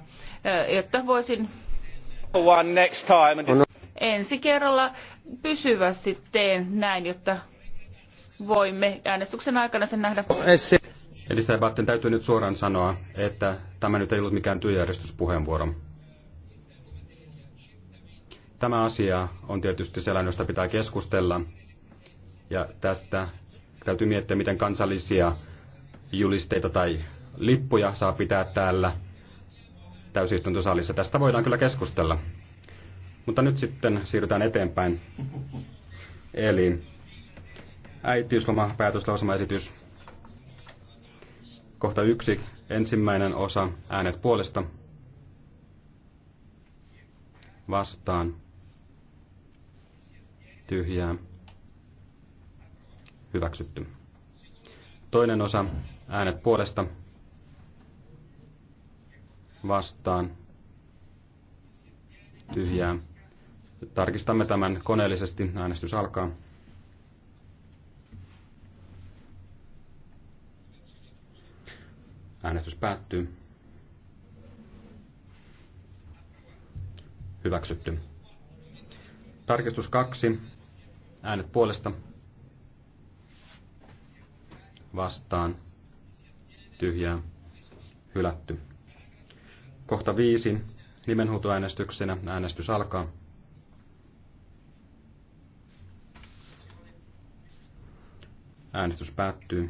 eh, jotta voisin ensi kerralla pysyvästi teen näin, jotta voimme äänestyksen aikana sen nähdä. Edistäjä Batten täytyy nyt suoraan sanoa, että tämä nyt ei ollut mikään työjärjestyspuheenvuoro. Tämä asia on tietysti sellainen, josta pitää keskustella. Ja tästä täytyy miettiä, miten kansallisia julisteita tai lippuja saa pitää täällä täysistuntosalissa. Tästä voidaan kyllä keskustella. Mutta nyt sitten siirrytään eteenpäin. Eli äitiyslomapäätöslausumaesitys. Kohta yksi, ensimmäinen osa, äänet puolesta. Vastaan tyhjää, hyväksytty. Toinen osa, äänet puolesta, vastaan, tyhjää. Tarkistamme tämän koneellisesti, äänestys alkaa. Äänestys päättyy. Hyväksytty. Tarkistus kaksi Äänet puolesta. Vastaan. Tyhjää. Hylätty. Kohta viisi. Nimenhuutoäänestyksenä äänestys alkaa. Äänestys päättyy.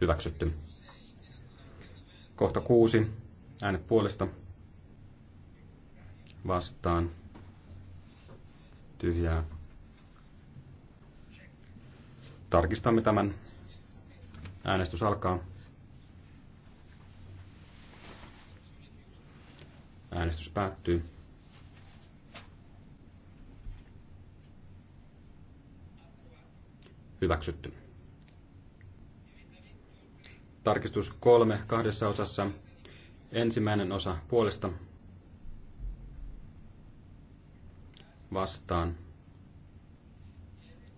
Hyväksytty. Kohta kuusi. Äänet puolesta vastaan tyhjää. Tarkistamme tämän. Äänestys alkaa. Äänestys päättyy. Hyväksytty. Tarkistus kolme kahdessa osassa. Ensimmäinen osa puolesta vastaan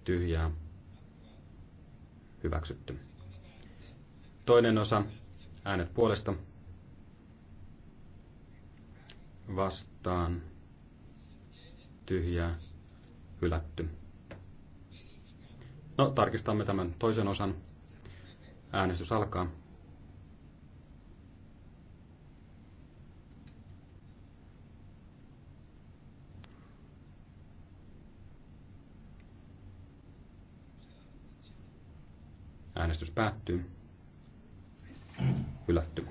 tyhjää hyväksytty. Toinen osa äänet puolesta vastaan tyhjää hylätty. No, tarkistamme tämän toisen osan. Äänestys alkaa. Äänestys päättyy. Hylätty.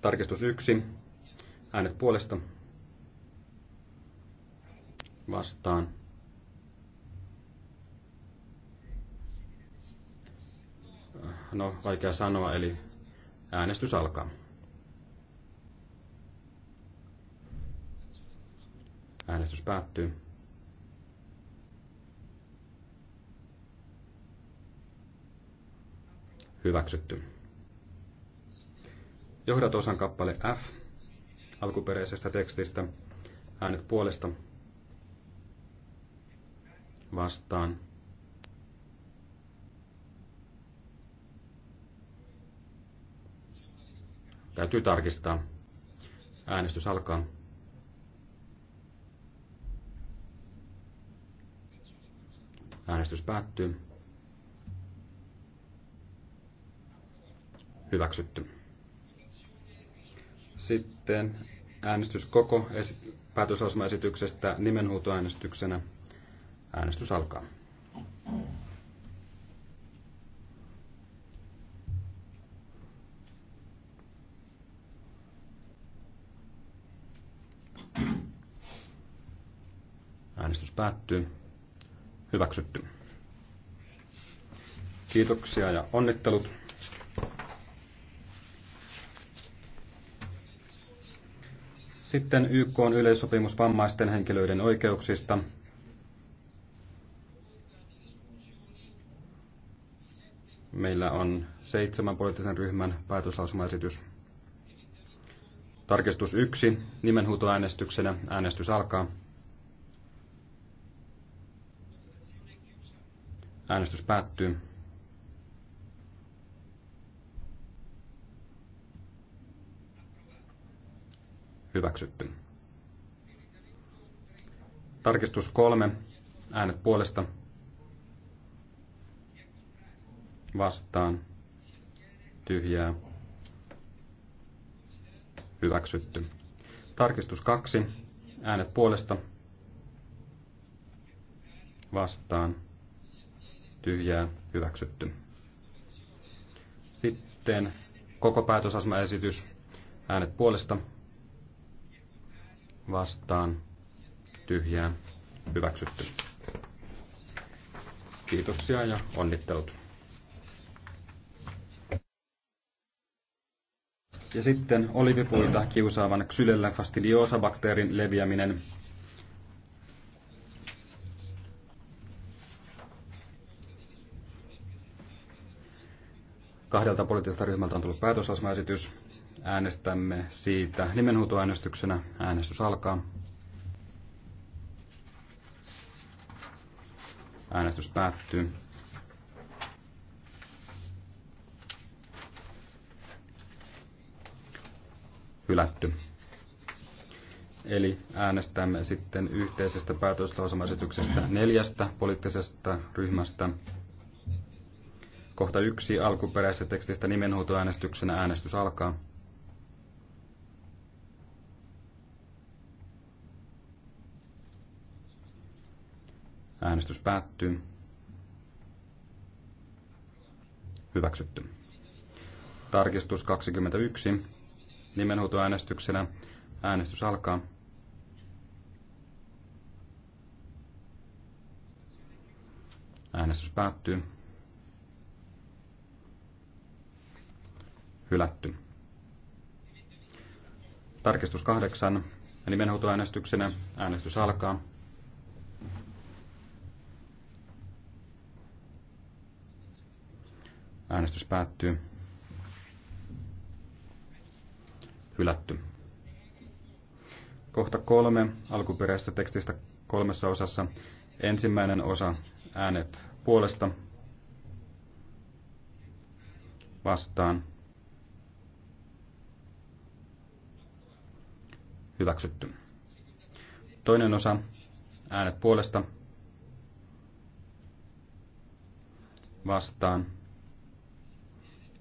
Tarkistus 1. Äänet puolesta. Vastaan. No, vaikea sanoa, eli äänestys alkaa. Äänestys päättyy. hyväksytty. Johdat osan kappale F alkuperäisestä tekstistä. Äänet puolesta vastaan. Täytyy tarkistaa. Äänestys alkaa. Äänestys päättyy. hyväksytty. Sitten äänestys koko esi- nimenhuutoäänestyksenä. Äänestys alkaa. Äänestys päättyy. Hyväksytty. Kiitoksia ja onnittelut. Sitten YK on yleissopimus vammaisten henkilöiden oikeuksista. Meillä on seitsemän poliittisen ryhmän päätöslausumaesitys. Tarkistus yksi Nimenhuutoäänestyksenä äänestys alkaa. Äänestys päättyy. hyväksytty. Tarkistus kolme. Äänet puolesta. Vastaan. Tyhjää. Hyväksytty. Tarkistus kaksi. Äänet puolesta. Vastaan. Tyhjää. Hyväksytty. Sitten koko päätösasmaesitys. Äänet puolesta vastaan tyhjää hyväksytty. Kiitoksia ja onnittelut. Ja sitten olivipuita kiusaavan ksylellä fastidioosabakteerin leviäminen. Kahdelta poliittiselta ryhmältä on tullut päätösasmaesitys. Äänestämme siitä nimenhuutoäänestyksenä. Äänestys alkaa. Äänestys päättyy. Hylätty. Eli äänestämme sitten yhteisestä päätöslausumaesityksestä neljästä poliittisesta ryhmästä. Kohta yksi alkuperäisestä tekstistä nimenhuutoäänestyksenä äänestys alkaa. Äänestys päättyy. Hyväksytty. Tarkistus 21. Nimenhuutoäänestyksenä. Äänestys alkaa. Äänestys päättyy. Hylätty. Tarkistus 8. Nimenhuutoäänestyksenä. Äänestys alkaa. Äänestys päättyy. Hylätty. Kohta kolme alkuperäisestä tekstistä kolmessa osassa. Ensimmäinen osa äänet puolesta vastaan. Hyväksytty. Toinen osa äänet puolesta vastaan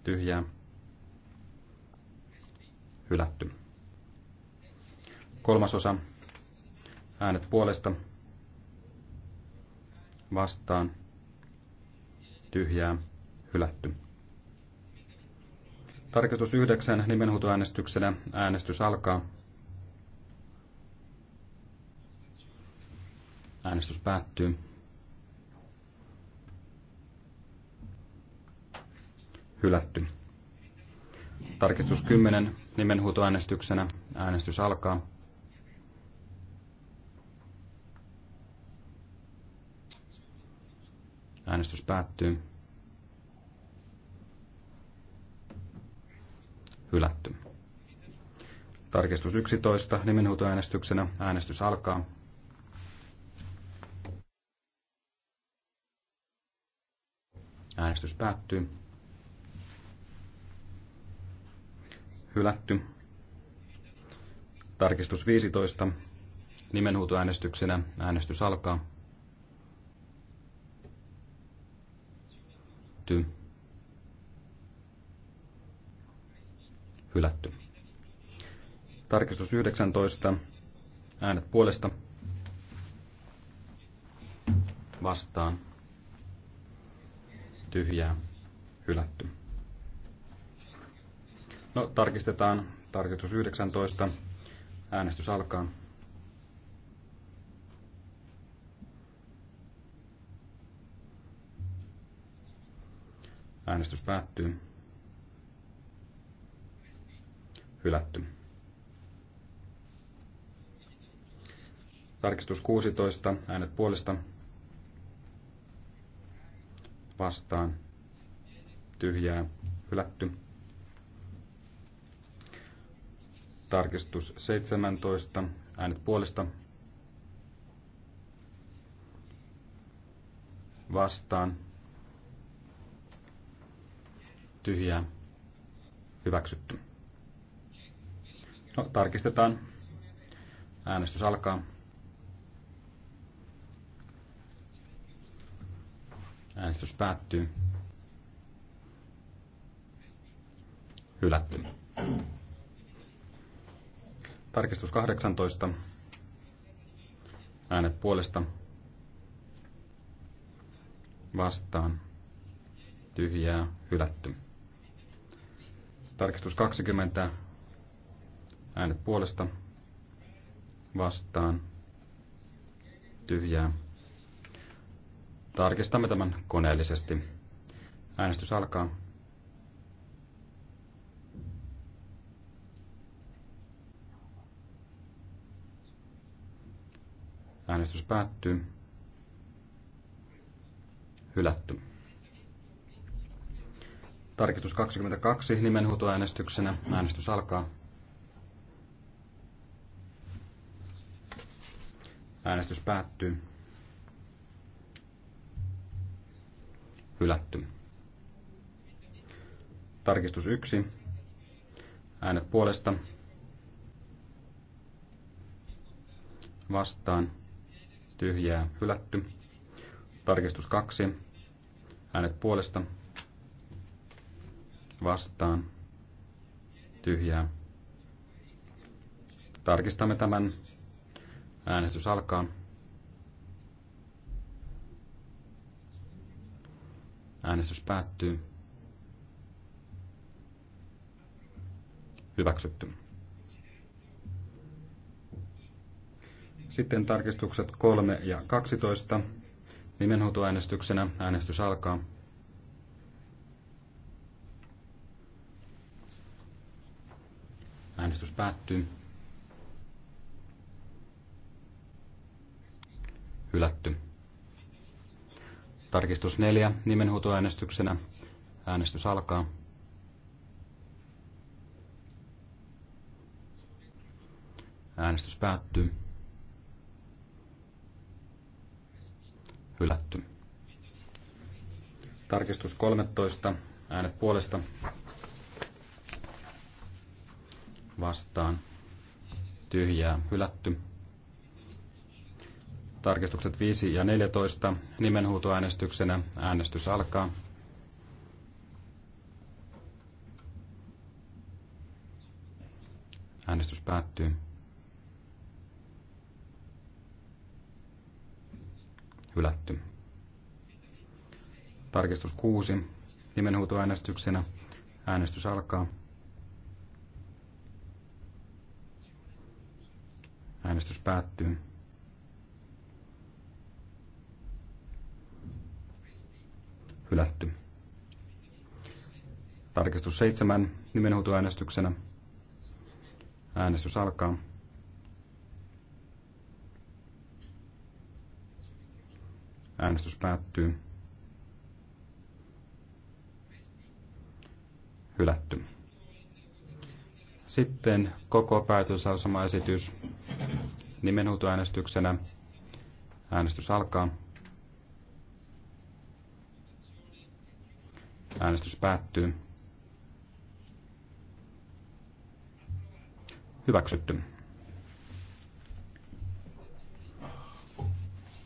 tyhjää, hylätty. Kolmasosa, äänet puolesta, vastaan, tyhjää, hylätty. Tarkistus yhdeksän nimenhuutoäänestyksenä. Äänestys alkaa. Äänestys päättyy. hylätty. Tarkistus 10 nimenhuutoäänestyksenä. Äänestys alkaa. Äänestys päättyy. Hylätty. Tarkistus 11 nimenhuutoäänestyksenä. Äänestys alkaa. Äänestys päättyy. hylätty. Tarkistus 15. Nimenhuutoäänestyksenä äänestys alkaa. Ty. Hylätty. Tarkistus 19. Äänet puolesta. Vastaan. Tyhjää. Hylätty. No, tarkistetaan. Tarkistus 19. Äänestys alkaa. Äänestys päättyy. Hylätty. Tarkistus 16. Äänet puolesta. Vastaan. Tyhjää. Hylätty. Tarkistus 17. Äänet puolesta. Vastaan. Tyhjää. Hyväksytty. No, tarkistetaan. Äänestys alkaa. Äänestys päättyy. Hylätty. Tarkistus 18. Äänet puolesta. Vastaan. Tyhjää. Hylätty. Tarkistus 20. Äänet puolesta. Vastaan. Tyhjää. Tarkistamme tämän koneellisesti. Äänestys alkaa. Äänestys päättyy. Hylätty. Tarkistus 22 nimenhuutoäänestyksenä. Äänestys alkaa. Äänestys päättyy. Hylätty. Tarkistus 1. Äänet puolesta. Vastaan tyhjää hylätty. Tarkistus 2. Äänet puolesta vastaan tyhjää. Tarkistamme tämän. Äänestys alkaa. Äänestys päättyy. Hyväksytty. Sitten tarkistukset 3 ja 12. Nimenhuutoäänestyksenä äänestys alkaa. Äänestys päättyy. Hylätty. Tarkistus 4 nimenhuutoäänestyksenä. Äänestys alkaa. Äänestys päättyy. hylätty. Tarkistus 13. Äänet puolesta vastaan tyhjää hylätty. Tarkistukset 5 ja 14 nimenhuutoäänestyksenä äänestys alkaa. Äänestys päättyy. hylätty. Tarkistus 6 nimenhuutoäänestyksenä. Äänestys alkaa. Äänestys päättyy. Hylätty. Tarkistus 7 nimenhuutoäänestyksenä. Äänestys alkaa. Äänestys päättyy. Hylätty. Sitten koko päätösasemaesitys nimenhuutoäänestyksenä. Äänestys alkaa. Äänestys päättyy. Hyväksytty.